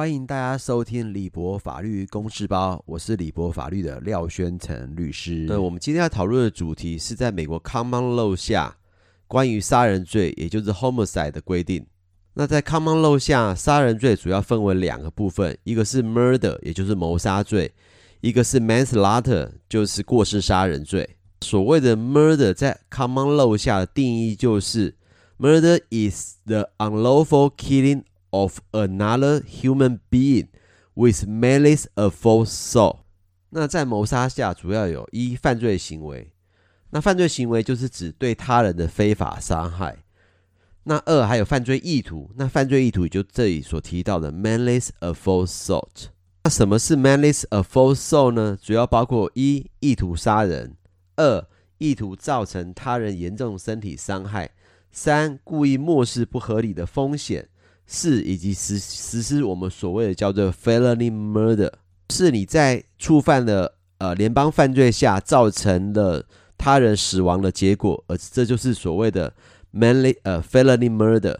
歡迎大家收聽李博法律公事包，我是李博法律的廖宣成律師。那我們今天要討論的主題是在美國 Common Law 下關於殺人罪，也就是 Homicide 的規定。那在 Common Law 下，殺人罪主要分為兩個部分，一個是 Murder，也就是謀殺罪；一個是 Manslaughter，就是過失殺人罪。所謂的 Murder 在 Common Law 下的定義就是 Murder is the unlawful killing。Of another human being with malice aforethought。那在謀殺下，主要有一犯罪行為。那犯罪行為就是指對他人的非法傷害。那二還有犯罪意圖。那犯罪意圖就這裡所提到的 malice aforethought。那什麼是 malice aforethought 呢？主要包括一意圖殺人，二意圖造成他人嚴重身體傷害，三故意漠視不合理的風險。是以及實實施我們所謂的叫做 felony murder，是你在觸犯了呃聯邦犯罪下造成的他人死亡的結果，而這就是所謂的 felony 呃 felony murder。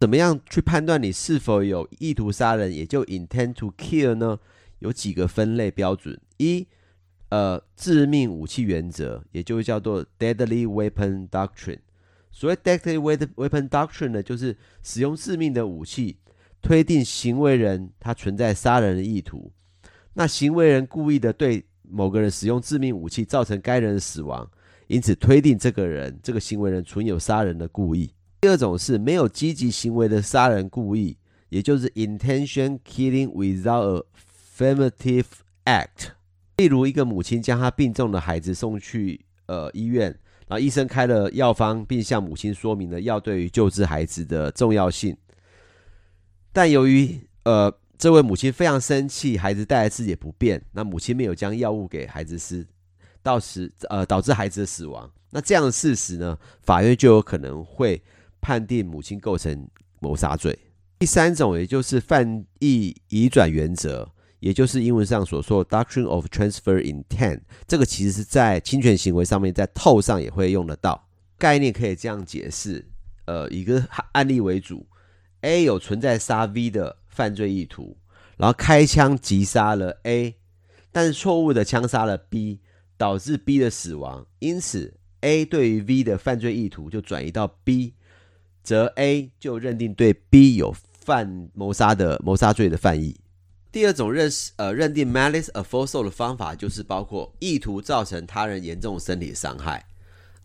怎麼樣去判斷你是否有意圖殺人，也就 intend to kill 呢？有幾個分類標準：一，呃致命武器原則，也就叫做 deadly weapon doctrine。所謂 deadly weapon doctrine 呢，就是使用致命的武器，推定行為人他存在殺人的意圖。那行為人故意的對某個人使用致命武器，造成該人的死亡，因此推定這個人、這個行為人存有殺人的故意。第二種是沒有積極行為的殺人故意，也就是 intention killing without affirmative act。例如，一個母親將他病重的孩子送去呃醫院。然後醫生開了藥方，並向母親說明了藥對於救治孩子的重要性。但由於呃，這位母親非常生氣，孩子帶來自己也不便，那母親沒有將藥物給孩子吃，到時呃導致孩子的死亡。那這樣的事實呢，法院就有可能會判定母親構成謀殺罪。第三種，也就是犯意移轉原則。也就是英文上所說的 doctrine of transfer intent，這個其實是在侵權行為上面，在透上也會用得到，概念可以這樣解釋：呃，以一個案例為主，A 有存在殺 V 的犯罪意圖，然後開槍擊殺了 A，但是錯誤的槍殺了 B，導致 B 的死亡，因此 A 對於 V 的犯罪意圖就轉移到 B，則 A 就認定對 B 有犯謀殺的謀殺罪的犯意。第二種認識，呃，認定 malice aforethought 的方法就是包括意圖造成他人嚴重的身體傷害，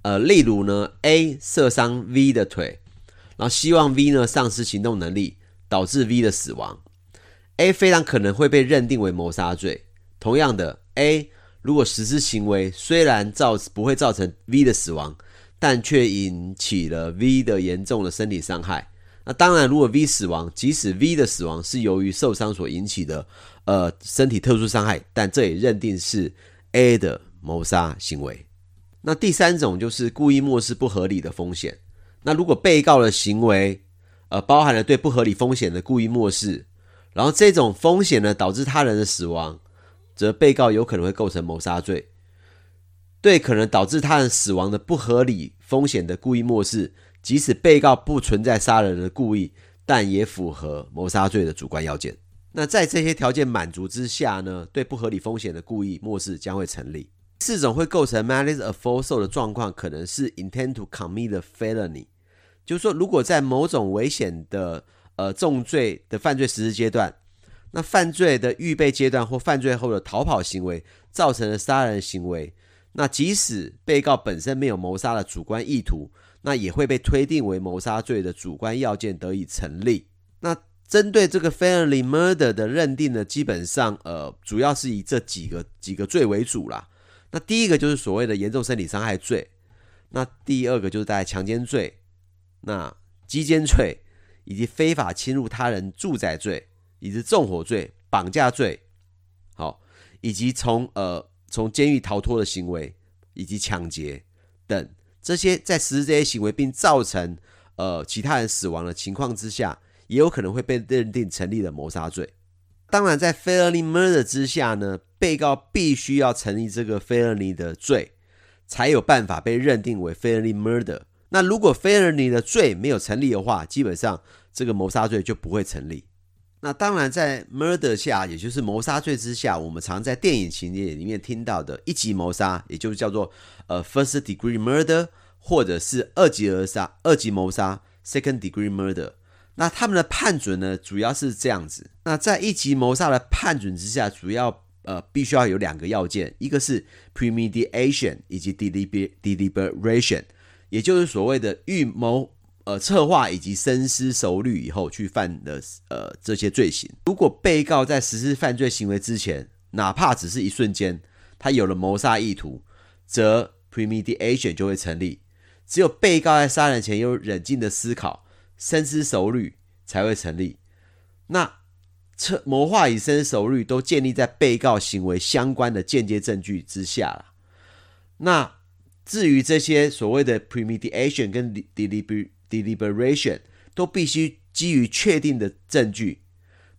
呃，例如呢，A 射傷 V 的腿，然後希望 V 呢喪失行動能力，導致 V 的死亡，A 非常可能會被認定為謀殺罪。同樣的，A 如果實施行為雖然造，不會造成 V 的死亡，但卻引起了 V 的嚴重的身體傷害。那當然，如果 V 死亡，即使 V 的死亡是由於受傷所引起的，呃，身體特殊傷害，但這也認定是 A 的謀殺行為。那第三種就是故意漠視不合理的風險。那如果被告的行為，呃，包含了對不合理風險的故意漠視，然後這種風險呢導致他人的死亡，則被告有可能會構成謀殺罪。對可能導致他人死亡的不合理風險的故意漠視。即使被告不存在殺人的故意，但也符合謀殺罪的主觀要件。那在這些條件滿足之下呢，對不合理風險的故意，漠視將會成立。四種會構成 malice aforethought 的狀況，可能是 intent to commit a felony，就是說，如果在某種危險的呃重罪的犯罪實施階段，那犯罪的預備階段或犯罪後的逃跑行為造成了殺人行為，那即使被告本身沒有謀殺的主觀意圖。那也會被推定為謀殺罪的主觀要件得以成立。那針對這個 felony murder 的認定呢，基本上呃，主要是以這幾個幾個罪為主啦。那第一個就是所謂的嚴重身體傷害罪，那第二個就是在強姦罪、那雞姦罪以及非法侵入他人住宅罪，以及縱火罪、綁架罪，好，以及從呃從監獄逃脫的行為，以及搶劫等。這些在實施這些行為並造成呃其他人死亡的情況之下，也有可能會被認定成立的謀殺罪。當然，在 felony murder 之下呢，被告必須要成立這個 felony 的罪，才有辦法被認定為 felony murder。那如果 felony 的罪沒有成立的話，基本上這個謀殺罪就不會成立。那當然，在 murder 下，也就是謀殺罪之下，我們常在電影情節裡面聽到的一級謀殺，也就是叫做呃 first degree murder，或者是二級謀殺、二級謀殺 second degree murder。那他們的判準呢，主要是這樣子。那在一級謀殺的判準之下，主要呃必須要有兩個要件，一個是 premeditation 以及 deliberation，也就是所謂的預謀。呃，策劃以及深思熟慮以後去犯的呃這些罪行，如果被告在實施犯罪行為之前，哪怕只是一瞬間，他有了謀殺意圖，則 premeditation 就會成立。只有被告在殺人前有冷靜的思考、深思熟慮才會成立。那策謀劃與深思熟慮都建立在被告行為相關的間接證據之下。那至於這些所謂的 premeditation 跟 deliberat deliberation 都必須基於確定的證據，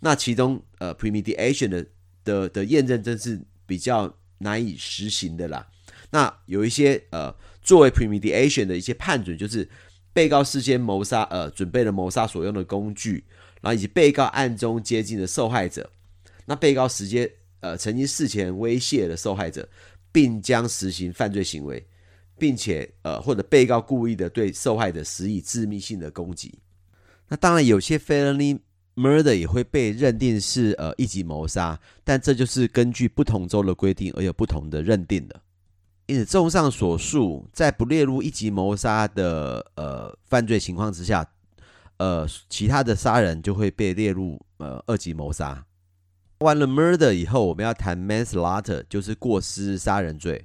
那其中呃 premeditation 的的的驗證真是比較難以實行的啦。那有一些呃作為 premeditation 的一些判準，就是被告事先謀殺呃準備了謀殺所用的工具，然後以及被告暗中接近的受害者，那被告事先呃曾經事前威脅了受害者，並將實行犯罪行為。並且，呃，或者被告故意的對受害者施以致命性的攻擊，那當然有些 felony murder 也會被認定是呃一級謀殺，但這就是根據不同州的規定而有不同的認定的。因此，綜上所述，在不列入一級謀殺的呃犯罪情況之下，呃，其他的殺人就會被列入呃二級謀殺。完了 murder 以後，我們要談 manslaughter，就是過失殺人罪。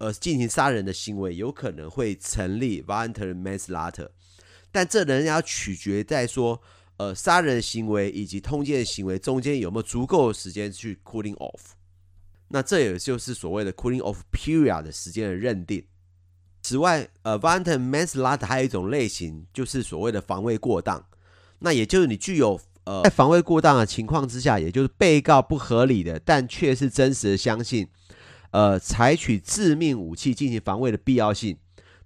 呃，進行殺人的行為有可能會成立 voluntary manslaughter，但這仍然要取決在說，呃，殺人行為以及通奸行為中間有沒有足夠的時間去 cooling off。那這也就是所謂的 cooling off period 的時間的認定。此外，呃，voluntary manslaughter 還有一種類型就是所謂的防衛過當。那也就是你具有呃，在防衛過當的情況之下，也就是被告不合理的，但卻是真實的相信。呃，採取致命武器進行防衛的必要性，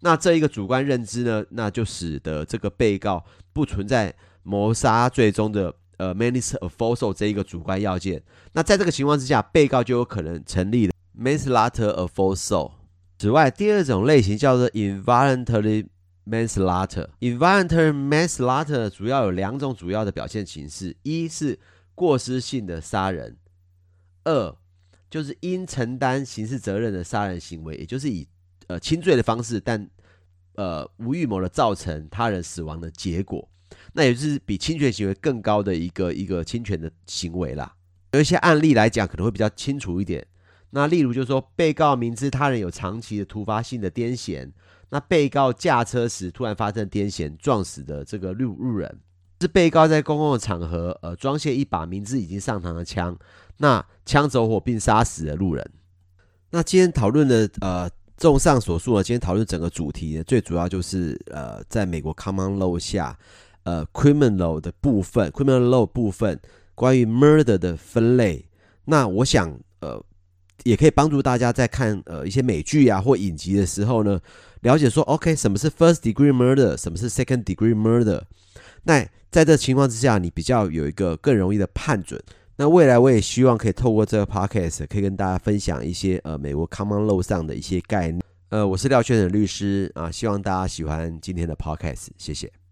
那這一個主觀認知呢，那就使得這個被告不存在謀殺罪中的呃 malice aforethought 這一個主觀要件。那在這個情況之下，被告就有可能成立 manslaughter。aforethought。此外，第二種類型叫做 involuntary manslaughter。involuntary manslaughter 主要有兩種主要的表現形式：一是過失性的殺人，二。就是應承擔刑事責任的殺人行為，也就是以呃輕罪的方式，但呃無預謀的造成他人死亡的結果，那也就是比侵權行為更高的一個一個侵權的行為啦。有一些案例來講可能會比較清楚一點，那例如就是說被告明知他人有長期的突發性的癲癇，那被告駕車時突然發生癲癇撞死的這個路路人。是被告在公共的場合，呃，裝卸一把明知已經上膛的槍，那槍走火並殺死了路人。那今天討論的，呃，綜上所述呢，今天討論整個主題呢，最主要就是，呃，在美國 Common Law 下，呃，Criminal Law 的部分，Criminal Law 部分關於 Murder 的分類。那我想，呃，也可以幫助大家在看，呃，一些美劇啊或影集的時候呢，了解說，OK，什麼是 First Degree Murder，什麼是 Second Degree Murder。那在這情況之下，你比較有一個更容易的判準。那未來我也希望可以透過這個 podcast，可以跟大家分享一些呃美國 Common Law 上的一些概念。呃，我是廖全的律師啊、呃，希望大家喜歡今天的 podcast，謝謝。